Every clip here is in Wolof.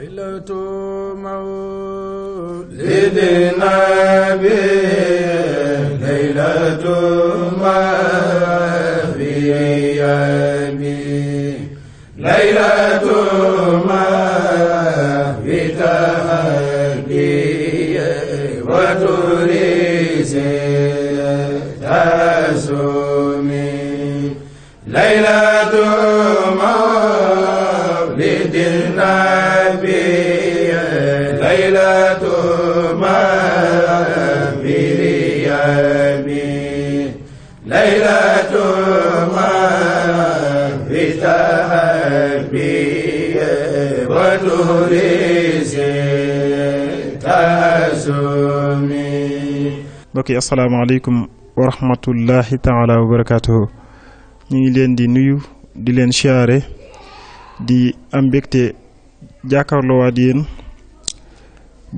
ليلة مولد النبي ليلة مولد النبي ليلة mbokk yi asalaamaaleykum wa rahmatullahi taala ñu ngi leen di nuyu di leen siyaare di am mbégte jàkkaarloowaat yéen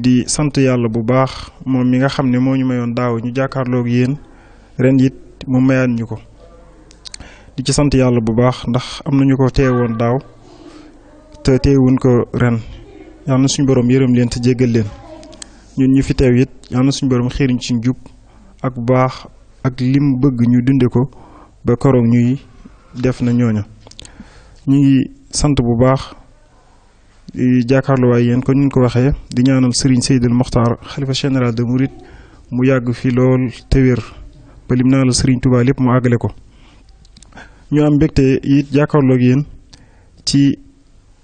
di sant yàlla bu baax moom mi nga xam ne moo ñu mayoon daaw ñu jàkkaarloog yéen ren it mu mayaat ñu ko di ci sant yàlla bu baax ndax am nañu ko teewoon daaw te teewuñ ko ren yàlla na suñu borom yërëm leen te jéggal leen ñun ñu fi teew it yal na suñu borom xiiriñ ci njub ak baax ak lim bëgg ñu dunde ko ba koroog ñuy def na ñooña ñu ngi sant bu baax jàkkaarluwaay yéen kon ñu ko waxee di ñaanal Serigne Seydil Mokhtar xalifa général de Mouride mu yàgg fi lool te wér ba lim naa sëriñ Serigne Touba lépp mu àggale ko ñu am mbégte it jàkkaarloog yéen ci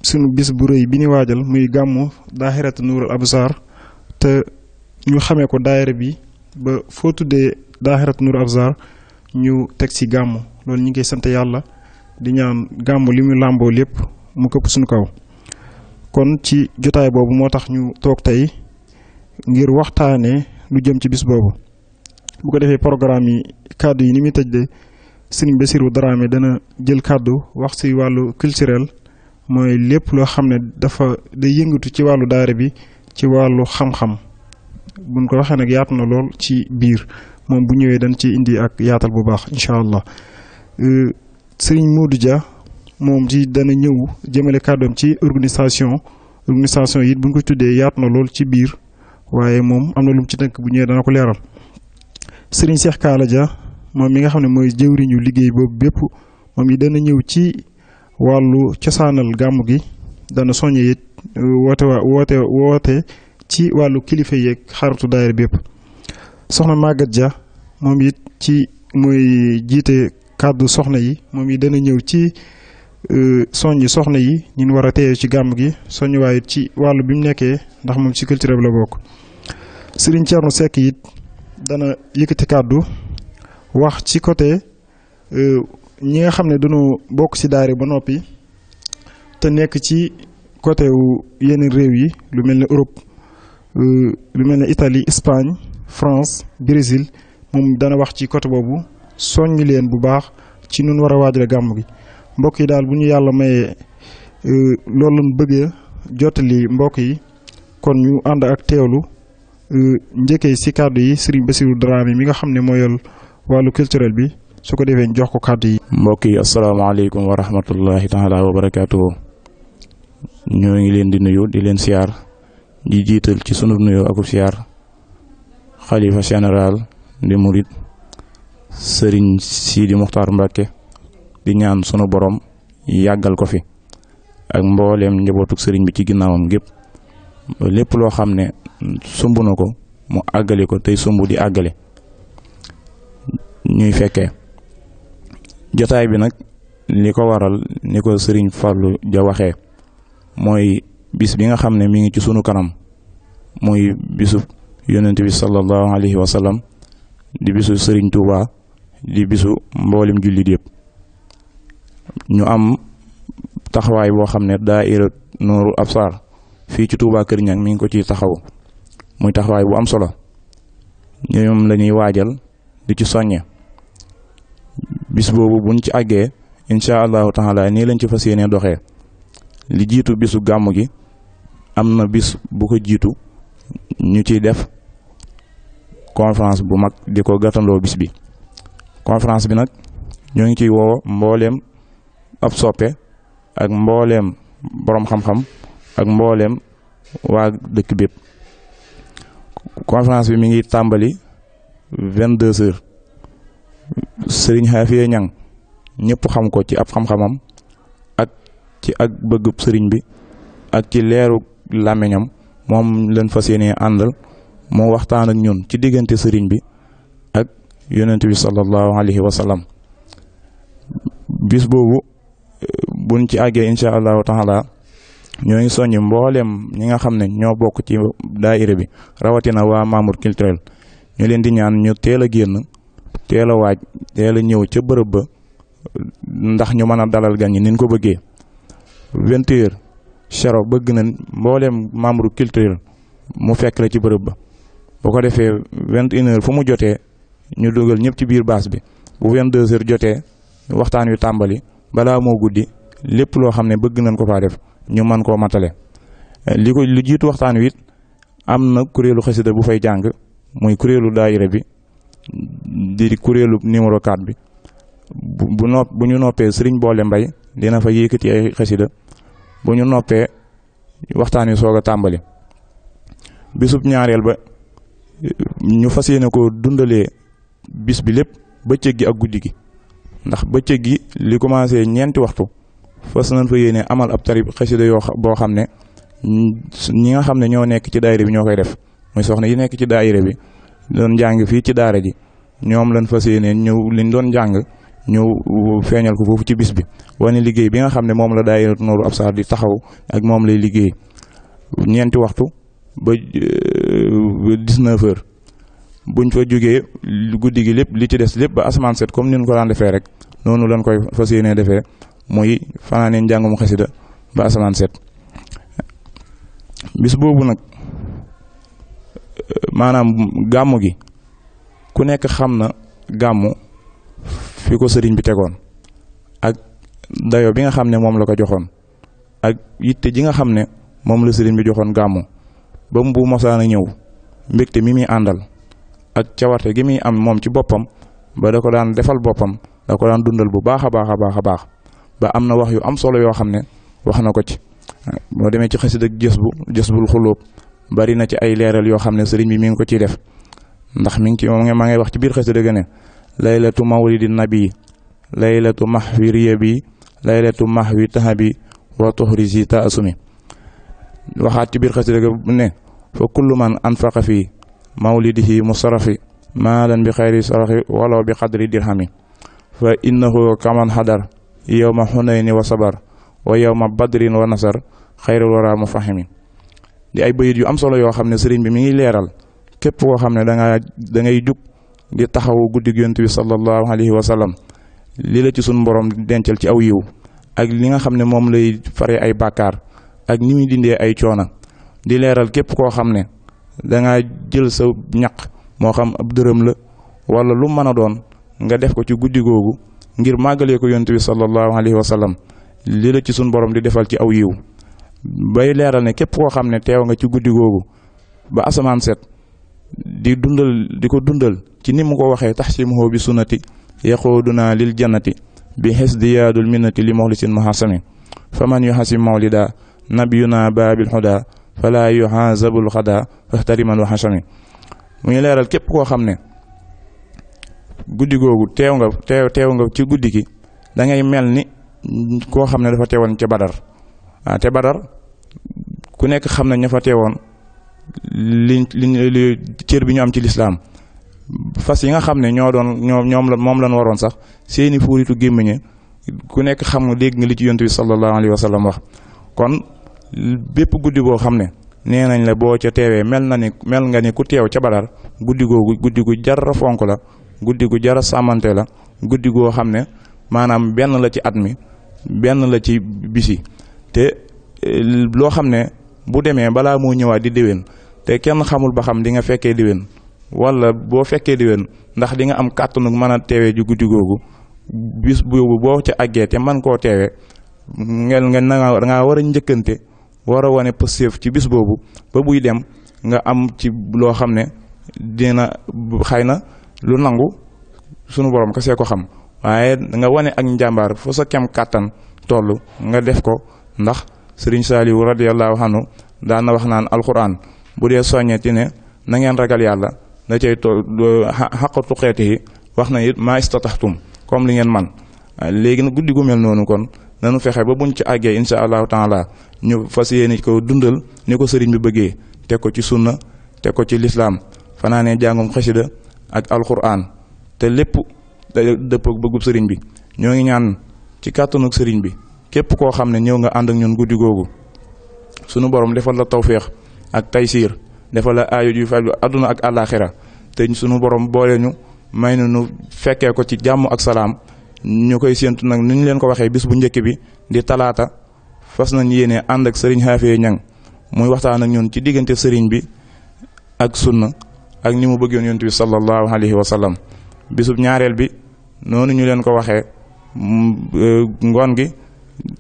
sunu bis bu rëy bi ni waajal muy gàmmu daaxiratu nuurul absaar te ñu xamee ko daayira bi ba foo tuddee daahirat Nour Absar ñu teg ci gàmmu loolu ñu ngi koy sant yàlla di ñaan gàmmu li mu làmboo lépp mu këpp suñu kaw kon ci jotaay boobu moo tax ñu toog tey ngir waxtaane lu jëm ci bis boobu bu ko defee programme yi kàddu yi ni muy tëj de Sëriñ Bassirou Dramé dana jël kàddu wax ci wàllu culturel mooy lépp loo xam ne dafa day yëngatu ci wàllu daara bi ci wàllu xam-xam buñ ko waxee nag yaatu na lool ci biir moom bu ñëwee dañ ci indi ak yaatal bu baax incha allah euh, sëriñ Modou ja moom ci dana ñëw jëmale kàddoom ci organisation organisation yi buñ ko tuddee yaatu na lool ci biir waaye moom am na lu mu ci tënk bu ñëwee dana ko leeral sëriñ Cheikh Kaala Dia moom mi nga xam ne mooy jëwriñu liggéey boobu bépp moom yi dana ñëw ci wàllu cosaanal gàmm gi dana soññee it woote waa woote woote ci wàllu kilifa yeeg xaritu daayira bépp soxna Maguette ja moom it ci muy jiite kàddu soxna yi moom it dana ñëw ci euh, soññ soxna yi ñun war a teew ci gàmm gi soññ waaye ci wàllu bi mu nekkee ndax moom ci culture la bokk Serigne Thierno sekk it dana yëkkati kàddu wax ci côté euh, ñi nga xam ne dañoo bokk ci daayira ba noppi te nekk ci côté wu yenn réew yi lu mel ne Europe euh, lu mel ne Italie Espagne France Brésil moom dana wax ci côté boobu soññ leen bu baax ci nun war a waajale gàmm gi mbokk yi daal bu ñu yàlla mayee euh, loolu lañ bëgg jottali mbokk yi kon ñu ànd ak teewlu euh, njëkkee si kàddu yi Serigne Bassirou yi mi nga xam ne moo wàllu culturel bi su ko defee jox ko kàddu yi. mbokk yi asalaamaaleykum wa rahmatullahi taala wa barakaatuhu ñoo ngi leen di nuyu di leen siyaar di jiital ci sunu nuyoo akub siyaar xalifa général di murit sëriñ Sidi Muxtaar Mbàkke di ñaan sunu borom yàggal ko fi ak mbooleem njabootuk sëriñ bi ci ginnaawam gépp lépp loo xam ne sumb na ko mu àggale ko tey sumb di àggale ñuy fekkee jotaay bi nag li ko waral ni ko sëriñ Fallou ja waxee mooy bis bi nga xam ne mi ngi ci sunu kanam mooy bisu yonent bi sallallahu alayhi wa sallam di bisu Serigne Touba di bisu mboolem jullit yëpp ñu am taxawaay boo xam ne daa daaira Nuurul Absar fii ci Touba Kër Niang mi ngi ko ci taxaw muy taxawaay bu am solo ñoom la ñuy waajal di ci soññe bis boobu buñ ci àggee incha allahu taala nii lañ ci fas yéenee doxee. li jiitu bisu gàmm gi am na bis bu ko jiitu ñu ciy def conférence bu mag di ko gàttandoo bis bi conférence bi nag ñoo ngi ciy woo mbooleem ab soppe ak mbooleem boroom xam-xam ak mbooleem waa dëkk bépp conférence bi mi ngi tàmbali vingt-deux heures Sëriñ Xaafiya Ñaŋ ñëpp xam ko ci ab xam-xamam ci ak bëggub sëriñ bi ak ci leeru làmmiñam moom leen fa yéenee àndal moo waxtaan ak ñun ci diggante sëriñ bi ak yonent bi sallallahu alayhi wa bis boobu buñ ci àggee incha allahu taala ñoo ngi soññ mboolem ñi nga xam ne ñoo bokk ci daayira bi rawatina waa membre culturel ñu leen di ñaan ñu teel a génn teel a waaj teel a ñëw ca bërëb ba ndax ñu mën a dalal gan ñi niñ ko bëggee. vingt heures Charo bëgg na mbooleem membre culture mu fekk la ci bërëb ba boo ko defee vingt une fu mu jotee ñu dugal ñëpp ci biir baas bi bu vingt deux heures jotee waxtaan wi tàmbali balaa moo guddi lépp loo xam ne bëgg nañ ko faa def ñu mën koo matale li ko lu jiitu waxtaan wi am na kuréelu xasida bu fay jàng muy kuréelu daayira bi di kuréelu numéro 4 bi bu bu nopp bu ñu noppee sëriñ boole mbay dina fa yëkkati ay xasida bu ñu noppee waxtaan wi soog a tàmbali bisub ñaareel ba ñu fas yéene ko dundalee bis bi lépp bëccëg gi ak guddi gi ndax bëccëg gi li commencé ñeenti waxtu fas nañ fa yéene amal ab tarib xasida yoo boo xam ne ñi nga xam ne ñoo nekk ci daayira bi ñoo koy def muy soxna yi nekk ci daayira bi doon njàng fii ci daara ji ñoom lañ fas yéene ñëw liñ doon jàng ñëw feeñal ko foofu ci bis bi wane liggéey bi nga xam ne moom la daayira Nourou Absar di taxaw ak moom lay liggéey ñeenti waxtu ba 19 euh, heures buñ fa jógee guddi gi lépp li ci des lépp ba asamaan set comme ni ko daan defee rek noonu lañ koy fas yéenee defee muy fanaane njàngum xasida ba asamaan set bis boobu nag euh, maanaam gàmmu gi ku nekk xam na gàmmu fi ko sëriñ bi tegoon ak dayo bi nga xam ne moom la ko joxoon ak yitte ji nga xam ne moom la sëriñ bi joxoon gàmmu ba mu bu mosaan a ñëw mbégte mi muy àndal ak cawarte gi muy am moom ci boppam ba da ko daan defal boppam da ko daan dundal bu baax a baax a baax a baax ba am na wax yu am solo yoo xam ne wax na ko ci moo demee ci xasid ak jës bu jës bul xulóob bari na ci ay leeral yoo xam ne sëriñ bi mi ngi ko ciy def ndax mi ngi ci moom ma ngay wax ci biir xasida ga laylatu mawlidi nabi laylatu mahwi riyabi laylatu mahwi tahabi wa tuhrisi taasumi waxaat ci biir xasida ga ne fa kullu man anfaqa fi mawlidihi musarafi maalan bi xayri sarafi walaw bi qadri dirhami fa innahu kaman hadar yowma xunayni wa sabar wa yowma badrin wa nasar xayrul wara mu fahimi di ay bayit yu am solo yoo xam ne sëriñ bi mi ngi leeral képp koo ne danga da ngay di taxawu guddi yonent bi sallallahu alayhi wa sallam li la ci sunu borom dencal ci aw yiw ak li nga xam ne moom lay fare ay bàkkaar ak ni muy dindee ay coona di leeral képp koo xam ne danga jël sa ñaq moo xam ab dërëm la walla lu mën a doon nga def ko ci guddi googu ngir màggalee ko yonent bi sallallahu alayhi wa sallam la ci sunu borom di defal ci aw yiw bay leeral ne képp koo xam ne teew nga ci guddi googu ba asamaan set di dundal di ko dundal ci ni mu ko waxee taxsimuhu bi sunnati yaquuduna lil jannati bi xesdiyaadul minnati li moxlisin muhasami faman yuhasim mawlida nabiyuna baabil huda fala yuhazabul xada fahtariman wa xasami mu ngi leeral képp koo xam ne guddi googu teew nga teew nga ci guddi gi dangay mel ni koo xam ne dafa teewoon ca badar ah te badar ku nekk xam na ña fa teewoon li li cër bi ñu am ci lislaam fas yi nga xam ne ñoo doon ñoom ñoom la moom lañ waroon sax seeni fuuritu gémmiñe ku nekk xam nga dégg nga li ci yontu bi sallallahu alayhi wa sallam wax kon bépp guddi boo xam ne nee nañ la boo ca teewee mel na ni mel nga ni ku teew ca badar guddi gu guddi gu jara fonk la guddi gu jara sàmmante la guddi goo xam ne maanaam benn la ci at mi benn la ci bisi te eh, loo xam ne bu demee balaa moo ñëwaat di déwén te kenn xamul ba xam di nga fekkee déwén wala boo fekkee déwén ndax di nga am kàttanu mën a teewee ju guddi googu bis boobu boo ci àggee te man koo teewee ngeen nga na nga war a njëkkante war a wane positif ci bis boobu ba buy dem nga am ci loo xam ne dina xëy na lu nangu sunu borom kese ko xam waaye nga wane ak njàmbaar foo sa kem kàttan toll nga def ko ndax sëriñ Saaliw radiyallahu anhu daan na wax naan alxuraan bu dee soññee ci ne na ngeen ragal yàlla. na cay toll xaqatu xeet yi wax na it maa istataxtum comme li ngeen man ah, léegi na guddi gu mel noonu kon nanu fexe ba buñ ci àggee incha allahu taala ñu fas yéene ko dundal ni ko sëriñ bi bëggee teg ko ci sunna teg ko ci lislaam fanaanee jàngum xasida ak alquran te lépp dëpp ak bëggub sëriñ bi ñoo ngi ñaan ci kàttanug sëriñ bi képp koo xam ne ñëw nga ànd ak ñoon guddi googu sunu borom defal la tawféex ak taysiir defal la aajo ju faju àdduna ak àllaaxira te sunu borom boole ñu may na ñu fekkee ko ci jàmm ak salaam ñu koy séentu nag ni ñu leen ko waxee bis bu njëkk bi di talaata fas nañ yéene ànd ak sëriñ Xaafiya Ñang muy waxtaan ak ñun ci diggante sëriñ bi ak sunna ak ni mu bëggoon yonent bi sallallahu alayhi wa sallam bisub ñaareel bi noonu ñu leen ko waxee mm, ngoon gi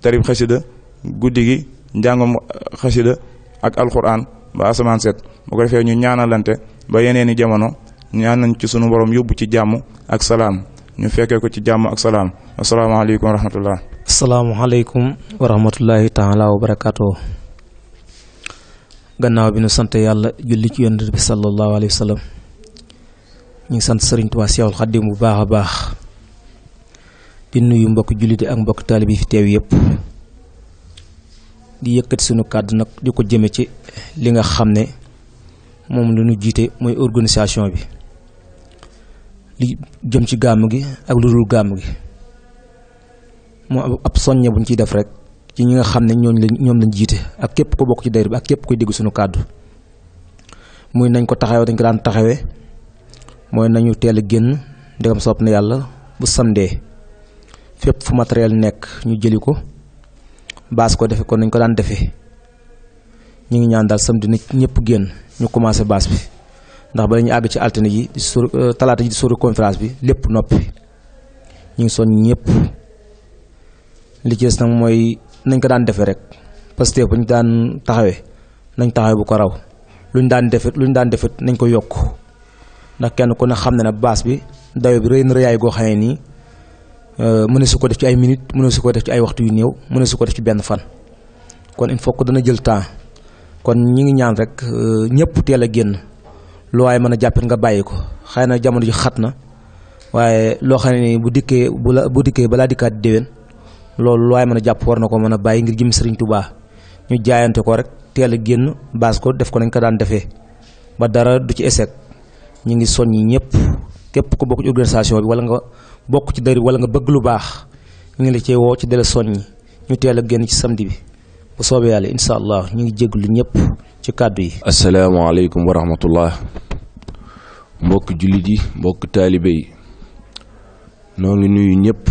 tarib xasida guddi gi njàngum xasida ak alquran ba asamaan set bu ko defee ñu ñaanalante ba yeneen i jamono ñaan nañ ci sunu borom yóbbu ci jàmm ak salaam ñu fekkee ko ci jàmm ak salaam asalaamaaleykum wa rahmatullah. asalaamaaleykum wa rahmatullahi taala wa barakaatu. gannaaw bi nu sant yàlla julli ci yonent bi sallallahu alayhi wa sallam ñu ngi sant Serigne Touba Seexul Xaddim bu baax a baax di nuyu mbokk jullit ak mbokk taalib yi fi teew yëpp. li yëkkati sunu kàddu nag di ko jëme ci li nga xam ne moom lu ñu jiite mooy organisation bi li jëm ci gàmm gi ak lu dul gàmm gi moo ab soññe bu ñu ciy def rek ci ñi nga xam ne ñooñ la ñoom lañ jiite ak képp ko bokk ci dayra bi ak képp koy dégg sunu kàddu muy nañ ko taxawee dañ ko daan taxawee mooy nañu teel a génn ndegam sopp na yàlla bu samdee fépp fu matériel nekk ñu jëli ko baas ko defee kon nañ ko daan defee ñu ngi ñaan daal samedi nit ñëpp génn ñu commencé baas bi ndax ba ñu àgg ci altine ji di sur euh, talaata ji di suru conférence bi lépp noppi ñu ngi son ñëpp li ci mooy nañ ko daan defee rek parce que bu ñu daan taxawee nañ taxawee bu ko raw lu ñu daan defit lu ñu daan defit nañ ko yokk ndax kenn ku ne xam ne ne baas bi dayo bi rëy na rëyaay goo xam nii Euh, mëne su ko def ci ay minutes mëne su ko def ci ay waxtu yu néew mëne su ko def ci benn fan kon il faut dana jël temps kon ñu ngi ñaan rek euh, ñëpp teel a génn lu mën a jàppit nga bàyyi ko xëy na jamono ji xat na waaye loo xam ne bu dikkee bu la bu dikkee balaa dikkaat déwén loolu lu mën a jàpp war na ko mën a bàyyi ngir jëm Sëriñ Tuubaa ñu jaayante ko rek teel a génn baas ko def ko nañ ko daan defee ba dara du ci échec ñu ngi soññi ñëpp képp ku bokk ci organisation bi wala nga. bokk ci dër wala nga bëgg lu baax ñu ngi la cee woo ci dale soññi ñu teel a génn ci samedi bi bu soobee yàlla incha allah ñu ngi jéglu ñëpp ci kàddu yi. asalaamaaleykum wa rahmatullah mbokk jullit yi mbokk taalibe yi noo ngi nuyu ñëpp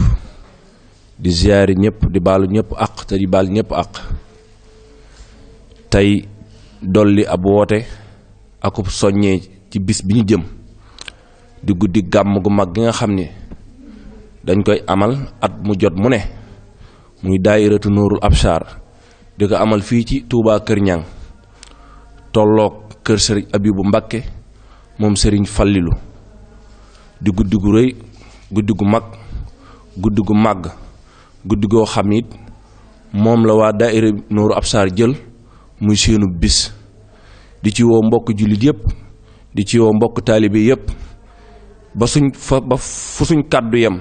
di ziyaari ñëpp di baalu ñëpp àq te di baal ñëpp àq tey dolli ab woote aku soññee ci bis bi ñu jëm di guddi gàmm gu mag gi nga xam ni dañ koy amal at mu jot mu ne muy daayiratu Nuurul Absar di ko amal fii ci tuubaa Kër Ñang tolloog kër sëriñ bu Mbàkke moom sëriñ Fallilu di guddi gu rëy guddi gu mag guddi gu màgg guddi goo xam it moom la waa daaira Nuuru Absar jël muy seenu bis di ci woo mbokk jullit yépp di ci woo mbokk taalibe yépp ba suñ fa ba fu suñ kàddu yem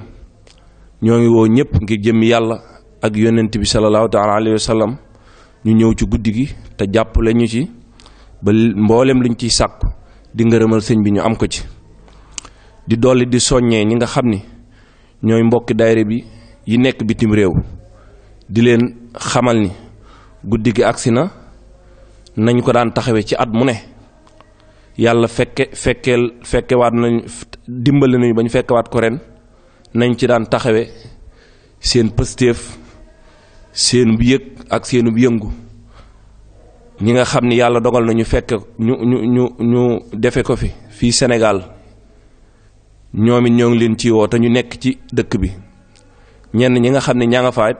ñoo ngi woo ñëpp ngir jëmm yàlla ak yonent bi salallaahu taala alayhi wa ñu ñëw ci guddi gi te jàpp lañu ci ba mboolem luñ ciy sàkku di ngërëmal sëñ bi ñu am ko ci di dolli di soññee ñi nga xam ni ñooy mbokki dayre bi yi nekk bitim réew di leen xamal ni guddi gi agsi na nañ ko daan taxawee ci at mu ne yàlla fekke fekkeel fekkewaat nañ dimbali nañu ba ñu fekkewaat ko ren nañ ci daan taxawe seen pëstéef seen bu yëg ak seen yëngu ñi nga xam ni yàlla dogal na ñu fekk ñu ñu ñu ñu defe ko fi fii senegal ñoom it ñoo ngi leen ci woo te ñu nekk ci dëkk bi ñenn ñi nga xam ne ñaa nga faat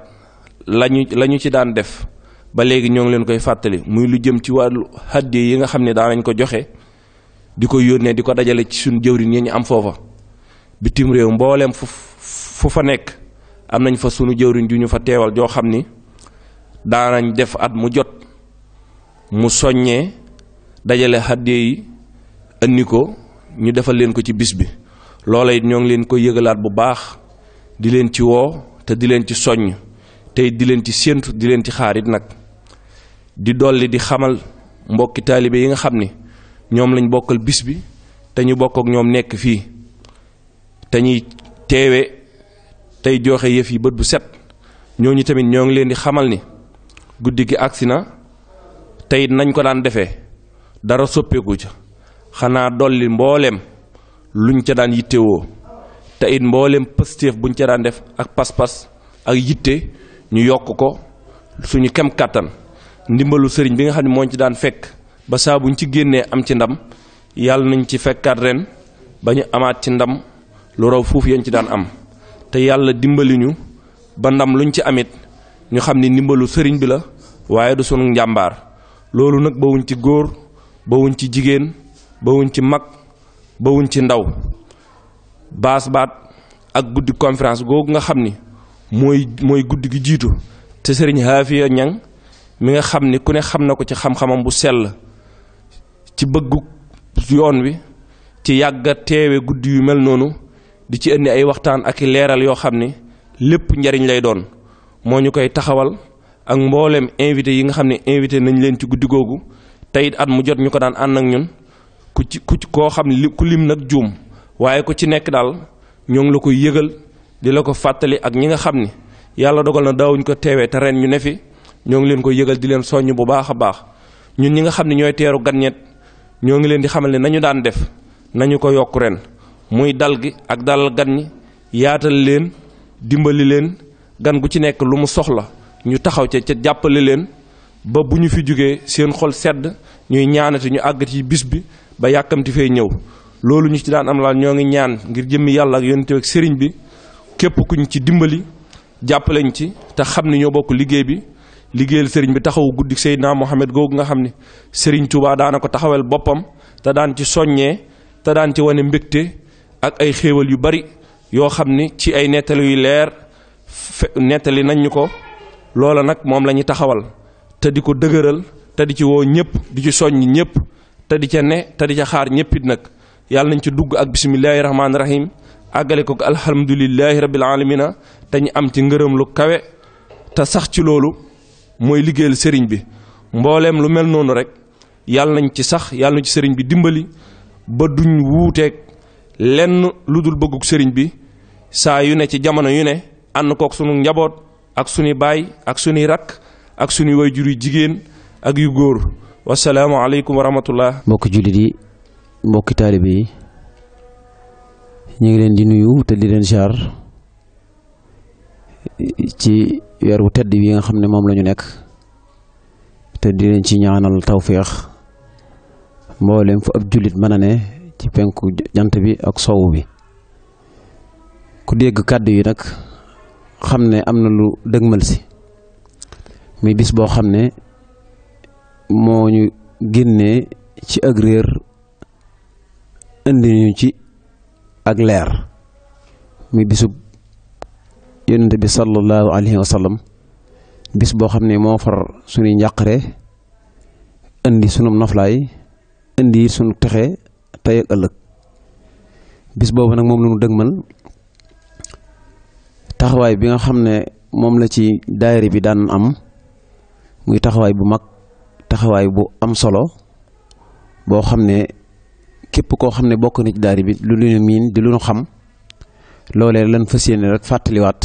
lañu la ñu ci daan def ba léegi ñoo ngi leen koy fàttali muy lu jëm ci wàllu hàddi yi nga xam ne daanañ ko joxe di koy yónnee di ko dajale ci suñu jëwriñ yi ñu am foofa bitim réew mbooleem fu fu fa nekk am nañ fa sunu jëwriñ ju ñu fa teewal joo xam ni daanañ def at mu jot mu soññee dajale xadde yi andi ko ñu defal leen ko ci bis bi loola it ñoo ngi leen koy yëgalaat bu baax di leen ci woo te di leen ci soññ tey di leen ci séentu di leen ci xaarit nag di dolli di xamal mbokki taalibe yi nga xam ni ñoom lañ bokkal bis bi te ñu bokk ñoom nekk fii te ñuy teewe tey joxe yëf yi bët bu set ñooñu tamit ñoo ngi leen di xamal ni guddi gi agsi na tey nañ ko daan defee dara soppeeku ca xanaa dolli mbooleem luñ ca daan yittewoo te it mbooleem pëstéef buñ ca daan def ak pas-pas ak yitte ñu yokk ko suñu kem kàttan ndimbalu sëriñ bi nga xam ne moo ci daan fekk ba saa buñ ci génnee am ci ndam yàlla nañ ci fekkaat ren ba ñu amaat ci ndam lu raw fuuf yéen ci daan am te yàlla dimbali ñu ba ndam luñ ci amit ñu xam ni ndimbalu sëriñ bi la waaye du sunu njàmbaar loolu nag bawuñ ci góor bawuñ ci jigéen bawuñ ci mag bawuñ ci ndaw baas baat ak guddi conférence googu nga xam ni mooy mooy guddi gi jiitu te sëriñ Haafiya Ñang mi nga xam ni ku ne xam na ko ci xam-xamam bu sell ci bëggu yoon wi ci yàgga teewe guddi yu mel noonu di ci indi ay waxtaan ak i leeral yoo xam ni lépp njariñ lay doon moo ñu koy taxawal ak mbooleem invité yi nga xam ne invité nañ leen ci guddi googu teyit at mu jot ñu ko daan ànd ak ñun ku ci ku koo xam ne ku lim nag juum waaye ku ci nekk daal ñoo ngi la koy yëgal di la ko fàttali ak ñi nga xam ni yàlla dogal na daawuñ ko teewee te ren ñu ne fi ñoo ngi leen koy yëgal di leen soññ bu baax a baax ñun ñi nga xam ne ñooy teeru gan ñett ñoo ngi leen di xamal nañu daan def nañu ko yokk ren muy dal gi ak dalal gan ñi yaatal leen dimbali leen gan gu ci nekk lu mu soxla ñu taxaw ca ca jàppale leen ba bu ñu fi jógee seen xol sedd ñuy ñaanati ñu àggat ci bis bi ba yàkkamti fee ñëw loolu ñu ci daan am laal ñoo ngi ñaan ngir jëmmi yàlla ak yonent ak sëriñ bi képp kuñ ci dimbali jàppaleñ ci te xam ni ñoo bokk liggéey bi liggéeyal sëriñ bi taxawu guddi Seydina Mohamed googu nga xam ni sëriñ Touba daana ko taxawal boppam te daan ci soññee te daan ci wane mbégte ak ay xéewal yu bari yoo xam ni ci ay nettali yu leer nettali nañ ñu ko loola nag moom la ñu taxawal te di ko dëgëral te di ci woo ñëpp du ci soññ ñëpp te di ca ne te di ca xaar ñëpp it nag yàlla nañ ci dugg ak bisimillahi rahmaani rahim àggale ko alhamdulilahi rabil alamina te ñu am ci ngërëm lu kawe te sax ci loolu mooy liggéeyal sëriñ bi mbooleem lu mel noonu rek yàlla nañ ci sax yàlla nañ ci sëriñ bi dimbali ba duñ wuuteeg lenn lu dul bëggug sëriñ bi saa yu ne ci jamono yu ne ànd kook sunu njaboot ak suñu baay ak suñuy rakk ak suñu wayjur yu jigéen ak yu góor wasalaamu aleykum wa rahmatullah mbokki jullit yi mbokki taalibe yi ñu ngi leen di nuyu te di leen siyaar ci weer wu tedd bi nga xam ne moom lañu nekk te di leen ci ñaanal tawféex mboolem fu ab jullit mën a ne ci penku jant bi ak sowu bi ku dégg kàddu yi nag xam ne am na lu dëgmal si muy bis boo xam ne moo ñu génnee ci ak réer indi ñu ci ak leer muy bisub yonent bi sallallahu alayhi wa bis boo xam ne moo far suñuy njàqare indi sunum noflaay indi sunu texe tey ak ëllëg bis boobu nag moom la ñu dëgmal taxawaay bi nga xam ne moom la ci daayira bi daan am muy taxawaay bu mag taxawaay bu am solo boo xam ne képp koo xam ne bokk na ci daayira bi lu ñu di lu xam loolee lan fas yéene fàttaliwaat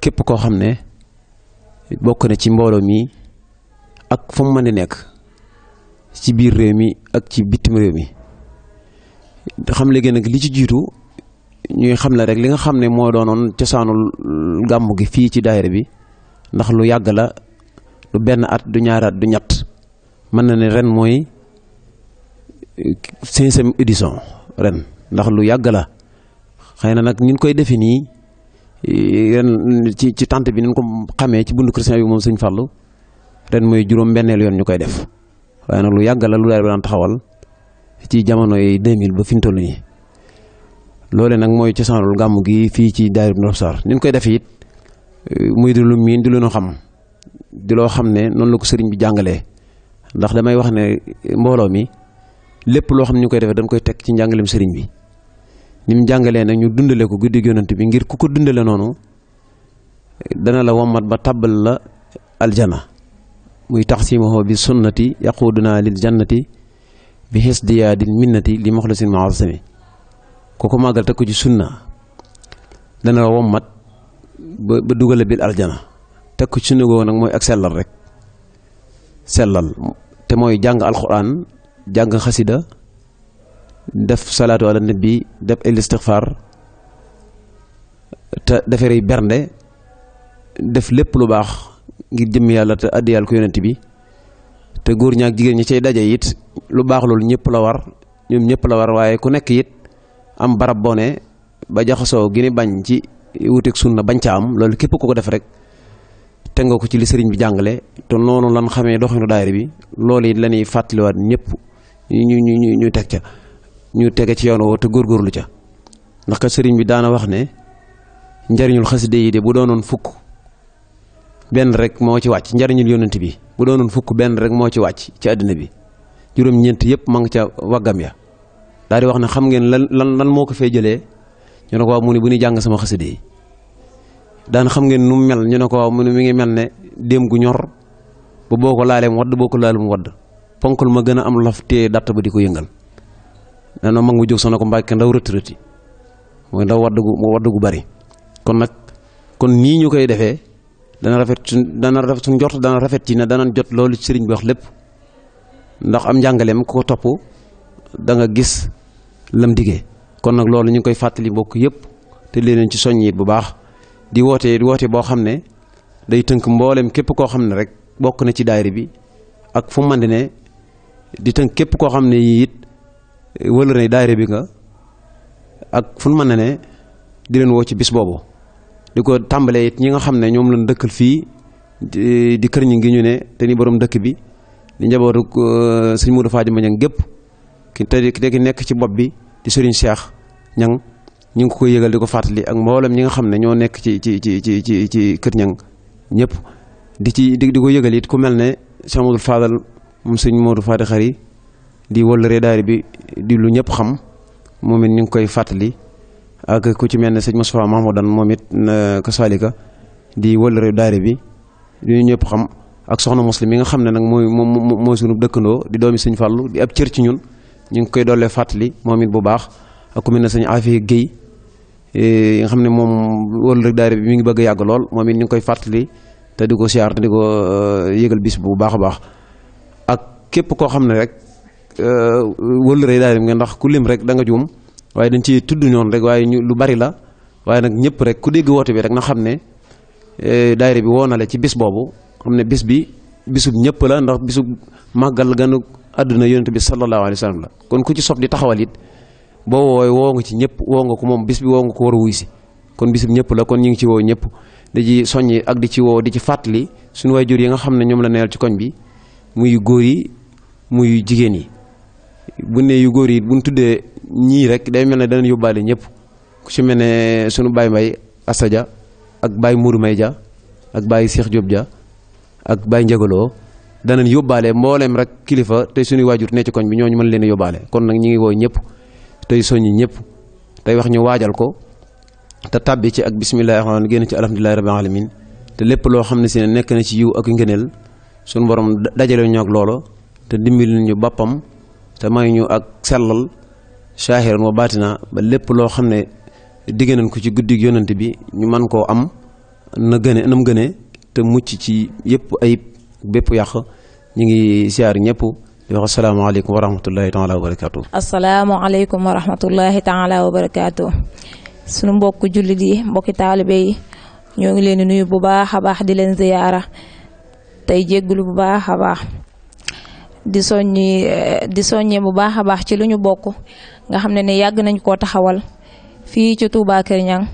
képp koo xam ne bokk na ci mbooloo mi ak fu mu mën di nekk ci biir réew mi ak ci bitim réew mi xam léegi nag li ci jiitu ñuy xam le rek li nga xam ne moo doonoon cosaanul gàmm gi fii ci daayira bi ndax lu yàgg la du benn at du ñaari at du ñett mën na ne ren mooy cinquième édition ren ndax lu yàgg la xëy na nag ñu koy defe nii ren ci ci tànt bi nañ ko xamee ci bundu chrétien bi moom suñ Fallou ren mooy juróom-benneel yoon ñu koy def waaye nag lu yàgg la lu daal daan taxawal ci jamono yi 2000 ba fi toll nii loole nag mooy cosaanul gàmmu gi fii ci daayira Nord Sarr koy defee it euh, muy di lu xam loo xam ne noonu la ko sëriñ bi jàngalee ndax damay wax ne euh, mbooloo mi lépp loo xam ne ñu koy defee dañ koy teg ci njàngaleem sëriñ bi ni mu jàngalee nag ñu dundale ko guddi yonent bi ngir ku ko dundale noonu dana la wommat ba tàbbal la aljana muy tax simaho bi sunnati yaquduna lil jannati bi xis diyaadin minnati li moxlisin maasami ku ko màggal te ci sunna dana la wommat ba ba dugal bil aljana teg ci sunna googu nag mooy ak sellal rek sellal te mooy jàng alxuraan jàng xasida def salaatu ala nabi def istixfaar te defaree bernde def lépp lu baax ngir jëm yàlla te àddi yàlla ko yonent bi te góor ñaak jigéen ñi cay daje yit lu baax loolu ñëpp la war ñoom ñëpp la war waaye ku nekk yit am barab boo ne ba jaxasoo gi bañ ci wuteeg sunna bañ ca am loolu képp ku ko def rek te nga ko ci li sëriñ bi jàngale te noonu lan xamee doxinu daayira bi loolu it la ñuy fàttaliwaat ñëpp ñu ñu ñu ñu teg ca ñu tege ci yoon woo te góorgóorlu ca ndax ka sëriñ bi daana wax ne njariñul xasida yi de bu doonoon fukk benn rek moo ci wàcc njariñul yónnent bi bu doonoon fukk benn rek moo ci wàcc ci àddina bi juróom-ñeent yëpp ma nga ca waggam ya daadi wax na xam ngeen lan lan lan moo ko fee jëlee ñu ne ko waaw mu ne bu ñuy jàng sama xasida yi daan xam ngeen nu mu mel ñu ne ko waaw mu ne mi ngi mel ne déem gu ñor ba boo ko laalee mu wadd boo ko laalee mu wadd ponkal ma gën a am laf te datt ba di ko yëngal nee na mag mu jóg soxna ko mbàkke ndaw rëtt rëtti mooy ndaw wadd gu wadd gu bari kon nag kon nii ñu koy defee dana rafet suñ dana rafet suñ njort dana rafet ci ne danañ jot loolu sëriñ bi wax lépp ndax am njàngaleem ku ko topp da nga gis lam diggee kon nag loolu ñu koy fàttali bokk yëpp te leen ci soññ it bu baax di woote woote boo xam ne day tënk mbooleem képp koo xam ne rek bokk na ci daayira bi ak fu mu mën di ne di tënk képp koo xam ne it wëlë na bi nga ak fu mu mën ne di leen woo ci bis boobu. di ko tàmbalee it ñi nga xam ne ñoom lañ dëkkal fii di kër ñi ngi ñu ne te ni borom dëkk bi di njabootu euh, sëñ moo Fadima Niang gépp ki te ki nekk ci bopp bi di Serigne Cheikh Niang ñu ngi ko koy di ko fàttali ak mboolem ñi nga xam ne ñoo nekk ci ci ci ci ci ci kër ñëpp di ci di ko yëgal ku mel ne Cheikh Modou Fadal moom sëñ Modou Fadi Xari di wëllëree daari bi di lu ñëpp xam moom it ñu ngi koy fàttali. ak ku ci mel ne sëñ Moustapha Mahmoudan moom it ka di wëllëre daare bi di ñu ñëpp xam ak soxna muslim yi nga xam ne nag mooy moo moo sunu dëkkandoo di doomi sëñ Fallou di ab cër ci ñun ñu ngi koy dollee fàttali moom it bu baax ak ku mel ne sëñ Afia Guèye yi e, nga xam ne moom wëllëre daare bi mi ngi bëgg a yàgg lool moom it ñu ngi koy fàttali te di ko siyaar te di ko e, yëgal bis bu baax a baax ak képp koo xam ne rek e, wëllëre daare bi ndax ku lim rek da nga juum waaye dañ ci tudd ñoon rek waaye ñu lu bari la waaye nag ñëpp rek ku dégg woote bi rek na xam ne eh, daayira bi woo na la ci bis boobu xam ne bis bi bisub ñëpp la ndax bisub màggal ganu àdduna yonent bi sallallahu alayhi wa sallam la kon ku ci sob di taxawal it boo wooy woo nga ci ñëpp woo nga ko moom bis bi woo nga ko war a wuy si kon bisub ñëpp la kon ñu ngi ci woo ñëpp di ci soññi ak di ci woo di ci fàttali suñu jur yi nga xam ne ñoom la neewal ci koñ bi muy góor yi muy jigéen yi bu ne yu góor yi bu ñu tuddee ñii rek day mel ne danañ yóbbaale ñëpp ku ci mel ne sunu baay mbay ja ak baay Mourou may ja ak baay Cheikh Diop ja ak baay Ndiagaloo danañ yóbbaale mboolem rek kilifa tey suñuy waajur ne ci koñ bi ñooñu mën leen yóbbaale kon nag ñu ngi woo ñëpp tey soññi ñëpp tey wax ñu waajal ko te tàbbi ci ak bisimilah rahmaan génn ci alhamdulilahi rabbil alamin te lépp loo xam ne si nekk na ci yiw ak ngëneel suñu boroom dajale ñoo ak loolo te dimbali ñu boppam te may ñu ak sellal saahiran wa baatina ba lépp loo xam ne digg nañ ko ci guddig yonent bi ñu man koo am na gëne nam gëne te mucc ci yëpp ayib bépp yàq ñu ngi siyaar ñëpp di wax asalaamaaleykum wa rahmatullahi taala wa barakaatu asalaamaaleykum wa rahmatullahi taala wa barakaatu sunu mbokk jullit yi mbokki taalibe ñoo ngi leen nuyu bu baax a baax di leen ziyaara tey jéggulu bu baax a baax di soññi eh, di soññee bu baax a baax ci lu ñu bokk nga xam ne ni yàgg nañ koo taxawal fii ci Touba Kër Ñang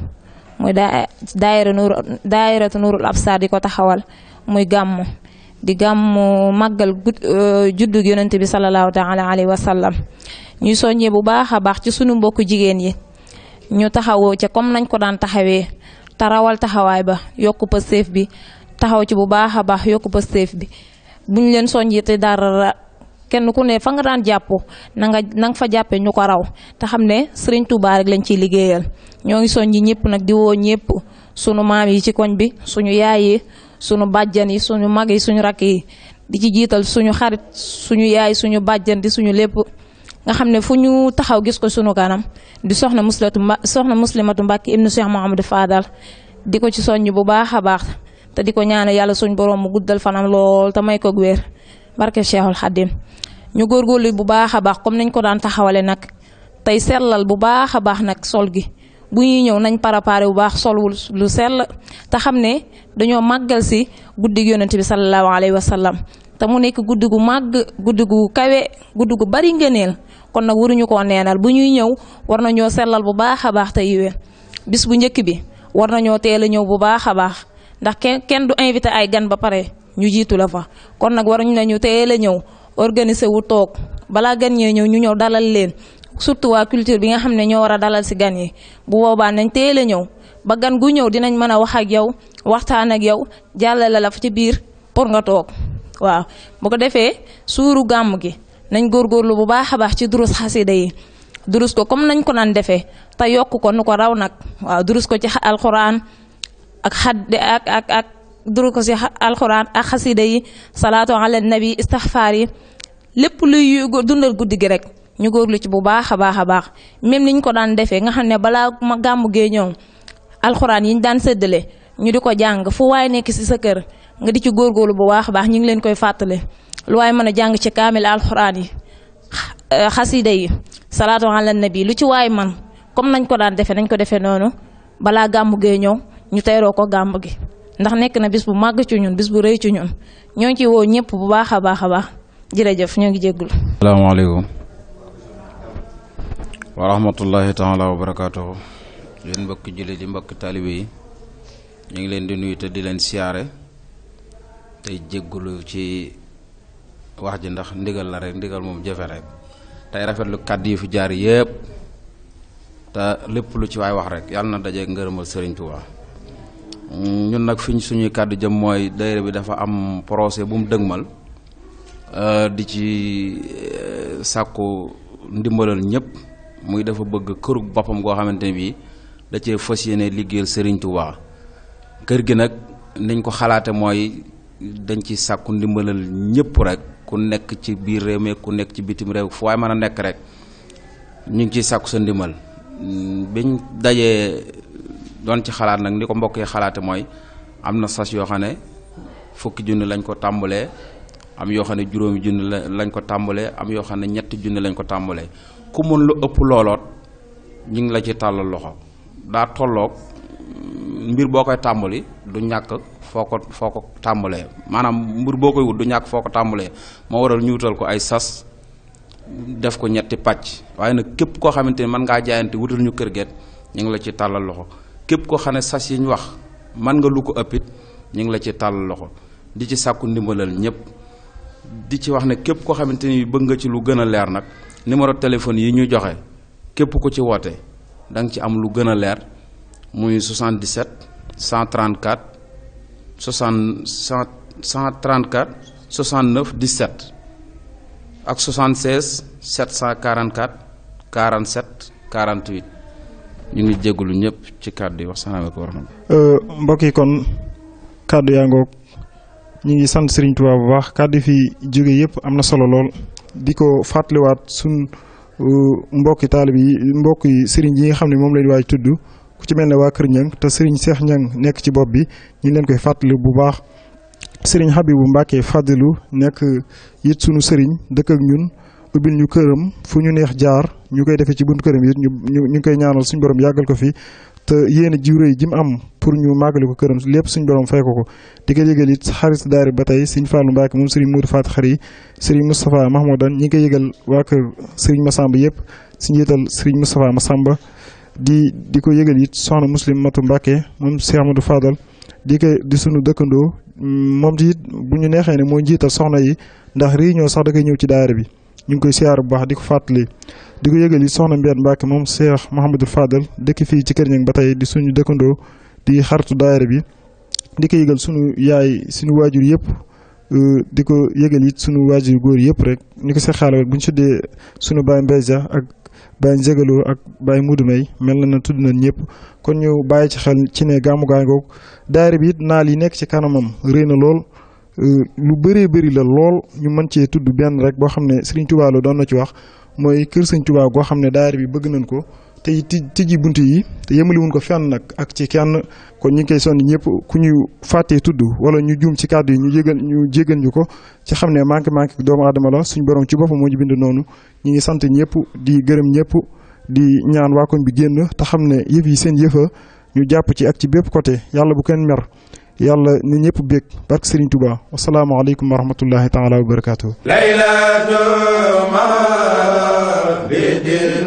muy daa daayira nuur daayiratu absar di ko taxawal muy gàmmu di gàmmu màggal eh, juddu yonente bi salallaahu taala alayhi wa sallam ñuy soññee bu baax a baax ci sunu mbokku jigéen yi ñu taxawoo ca comme nañ ko daan taxawee tarawal taxawaay ba yokku pësteef bi taxaw ci bu baax a baax yokku pësteef bi buñ leen soññee te dara kenn ku ne fa nga daan jàpp nanga nanga fa jàppee ñu ko raw te xam ne Serigne Touba rek lañ ciy liggéeyal ñoo ngi soññi ñëpp nag di woo ñëpp sunu maam yi ci koñ bi suñu yaay yi sunu bàjjan yi suñu mag yi suñu rakk yi di ci jiital suñu xarit suñu yaay suñu bàjjan di suñu lépp nga xam ne fu ñu taxaw gis ko sunu kanam di soxna muslatu soxna muslimatu nu ibnu Cheikh Mouhamadou Fadal di ko ci soññ bu baax a baax te di ko ñaanal yàlla suñu borom mu guddal fanam lool te may ko wér barke Cheikhul Xadim ñu góor góorgóorlu bu baax a baax comme nañ ko daan taxawale nag tey sellal bu baax a baax nag sol gi bu ñuy ñëw nañ préparé bu baax sol lu sell te xam ne dañoo màggal si guddi yonent bi sallallahu alayhi wa sallam te mu nekk guddi gu màgg guddi gu kawe guddi gu bari ngëneel kon nag waruñu koo neenal bu ñuy ñëw war nañoo sellal bu baax a baax te yiwee bis bu njëkk bi war nañoo teel a ñëw bu baax a baax ndax kenn kenn du invité ay gan ba pare ñu jiitu la kon nag waruñu nañu teel a ñëw organiser wu toog balaa gan ñee ñëw ñu ñëw dalal leen surtout waa culture bi nga xam ne ñoo war a dalal si gan yi bu boobaa nañ teel a ñëw ba gan gu ñëw dinañ mën a wax ak yow waxtaan ak yow jàllale la fa ci biir pour nga toog waaw boo ko defee suuru gàmm gi nañ góorgóorlu bu baax a baax ci durus xasida yi durus ko comme nañ ko nan defee te yokk ko nu ko raw nag waaw durus ko ci alxuraan ak xaddi ak ak. duru ko si alxuraan ak xasida yi salaatu ala nabi istaxfaar yi lépp luy dundal guddi gi rek ñu góorlu ci bu baax a baax a baax même niñ ko daan defee nga xam ne balaa ma gàmmu gee ñëw alxuraan yi ñu daan séddale ñu di ko jàng fu waaye nekk ci sa kër nga di ci góorgóorlu bu baax a baax ñu ngi leen koy fàttale waaye mën a jàng ci kaamil alxuraan yi eh, xasida yi salaatu ala nabi lu ci waay man comme nañ ko daan defee nañ ko defee noonu balaa gàmmu gee ñëw ñu teeroo ko gàmmu gi ndax nekk na bis bu màgg ci ñun bis bu rëy ci ñun ñoo ngi ciy woo ñëpp bu baax a baax a baax jërëjëf ñoo ngi jéggul salaamaaleykum wa rahmatullahi taala wa barakaatuhu yéen mbokki jullit yi mbokki taalibe yi ñu ngi leen di nuyu te di leen siyaare tey jéggulu ci wax ji ndax ndigal la rek ndigal moom jëfe rek tey lu kàdd yi fi jaar yépp te lépp lu ci waay wax rek yàlla na daje ngërëmal Sëriñ Tuubaa ñun nag fiñ suñuy kàddu jëm mooy daayira bi dafa am procès bu mu dëgmal euh, di ci euh, sàkku ndimbalal ñëpp muy dafa bëgg kërug boppam goo xamante ne bii da cee fas yéene liggéeyal Serigne Touba kër gi nag niñ ko xalaate mooy dañ ci sàkku ndimbalal ñëpp rek ku nekk ci biir réew mi ku nekk ci bitim réew foo waay mën a nekk rek ñu ciy sàkku sa ndimbal biñ dajee doon ci xalaat nag ni ko mbokk yi mooy am na sas yoo xam ne fukki junni lañ ko tàmbalee am yoo xam ne juróomi junni lañ ko tàmbalee am yoo xam ne ñetti junni lañ ko tàmbalee ku mën lu ëpp looloot ñu ngi la ci tàllal loxo daa tollook mm, mbir boo koy tàmbali du ñàkk foo ko foo ko tàmbalee maanaam mbir boo du ñàkk foo tàmbalee moo waral ñu wutal ko ay sas def ko ñetti pàcc waaye nag képp koo xamante ni mën ngaa jaayante wutal ñu kër geet ñu ngi la ci tàllal loxo képp ko xam ne sas yi wax man nga lu ko ëppit ñu ngi la ci tàll loxo di ci sàkku ndimbalal ñëpp di ci wax ne képp koo xamante ni bëgg nga ci lu gën a leer nag numéro téléphone yi ñu joxe képp ku ci woote da nga ci am lu gën a leer muy 77 134 60 134 69 17 ak 76 744 47 48. ñu ngi jégalu ñëpp ci kàddu yi wax salaamaaleykum wa euh, mbokk yi kon kàddu yaa ngoog ñu ngi sant sëriñ Touba bu baax kàddu fi jóge yëpp am na solo lool di ko fàttaliwaat sun euh, mbokki taalib yi mbokk yi Serigne yi nga xam ne moom lañ waaj tudd ku ci mel ne waa Kër Ñang te Serigne seex Ñang nekk ci bopp bi ñu leen koy fàttali bu baax Serigne bu Mbacke Fadilu nekk it sunu sëriñ dëkk ak ñun ubbil ñu këram fu ñu neex jaar. ñu koy defee ci buntu këram it ñu ñu ngi koy ñaanal suñ borom yàggal ko fi te yéen a yi rëy ji am pour ñu màggali ko këram lépp suñ borom fay ko ko di ko yëgal it xarit daari ba tey sëñ Fallou Mbacke moom sëriñ Modou Fatou Khari sëriñ Moustapha Mahmoudan ñi ngi koy yëgal waa kër sëriñ Massamba yëpp suñu jiital sëriñ Moustapha Massamba di di ko yëgal it soxna Muslim Matu Mbacke moom Cheikh Amadou Fadal di ko di suñu dëkkandoo mm, moom it bu ñu neexee ne mooy njiital soxna yi ndax réunion sax da koy ñëw ci daara bi ñu ngi koy siyaar bu baax di ko fàttali di ko yëgal yi soxna Mbène Mbacke moom Cheikh Mouhamadou Fadel dëkk fii ci Kër Ñang ba tey di suñu dëkkandoo di xartu daayira bi di ko yëgal suñu yaay suñu waajur yëpp euh, di ko yëgal it suñu waajur góor yëpp rek ni ko Cheikh xaala bu ñu tuddee suñu baay Mbéja ak baay Njëgaloo ak baay Mudumay mel na na tudd nañ ñëpp kon ñu bàyyi ci xel ci ne gàmmu gaa ngoog bi it naal yi nekk ci kanamam rëy na lool euh, lu bëree bëri la lool ñu mën cee tudd benn rek boo xam ne Serigne Touba Lo doon na ci wax mooy kër sëñ Tuubaa goo xam ne daayira bi bëgg nañ ko te tij tijji bunt yi te yemali ko fenn nag ak ci kenn kon ñu ngi koy sonn ñëpp ku ñu fàtte tudd wala ñu juum ci kàddu yi ñu jégal ñu jégal ñu ko ci xam ne manqué manqué doomu aadama la suñ borom ci boppam moo ñu bind noonu ñu ngi sant ñëpp di gërëm ñëpp di ñaan waa koñ bi génn te xam ne yëf yi seen yëfa ñu jàpp ci ak ci bépp côté yàlla bu kenn mer yàlla na ñëpp bég barke Serigne Touba wasalaamaaleykum wa rahmatullahi taala wa barakaatu. بدل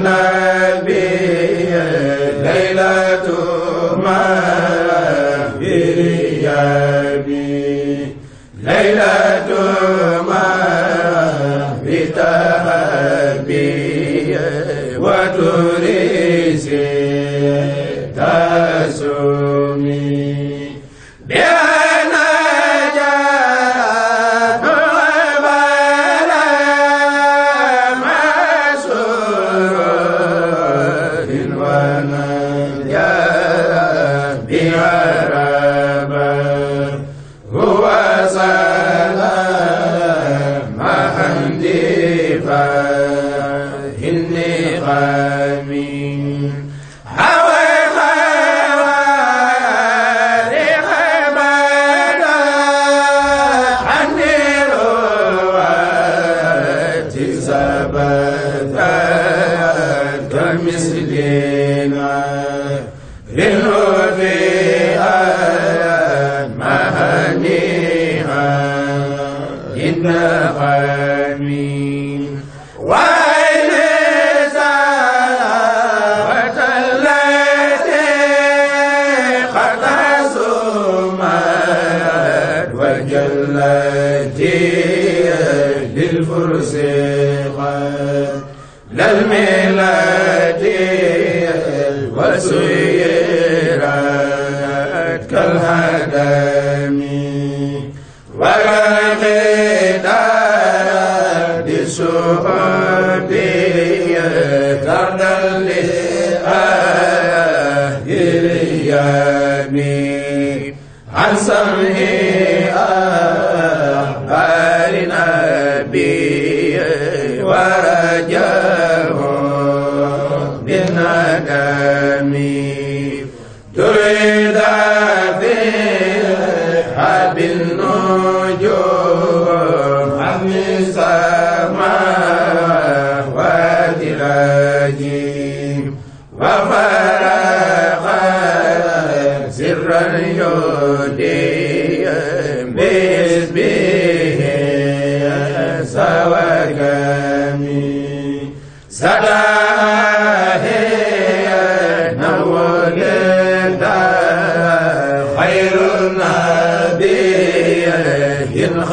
ja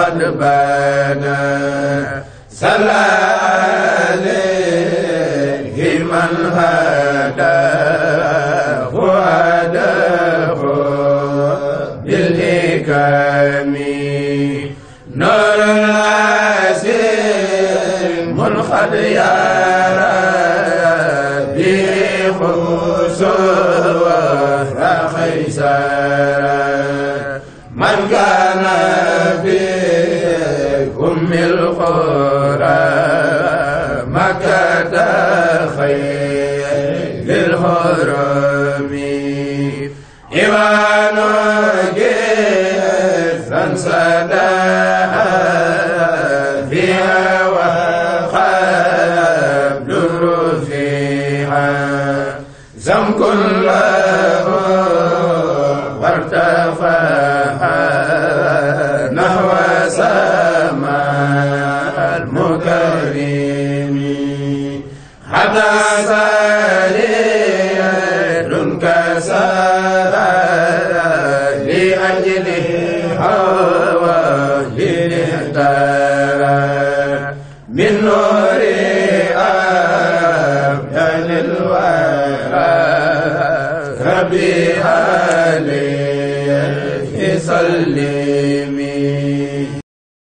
قد بان صلى عليه من هداه هداه بالإكرام نور العزيم قد يرى به خسوة خيسرا mel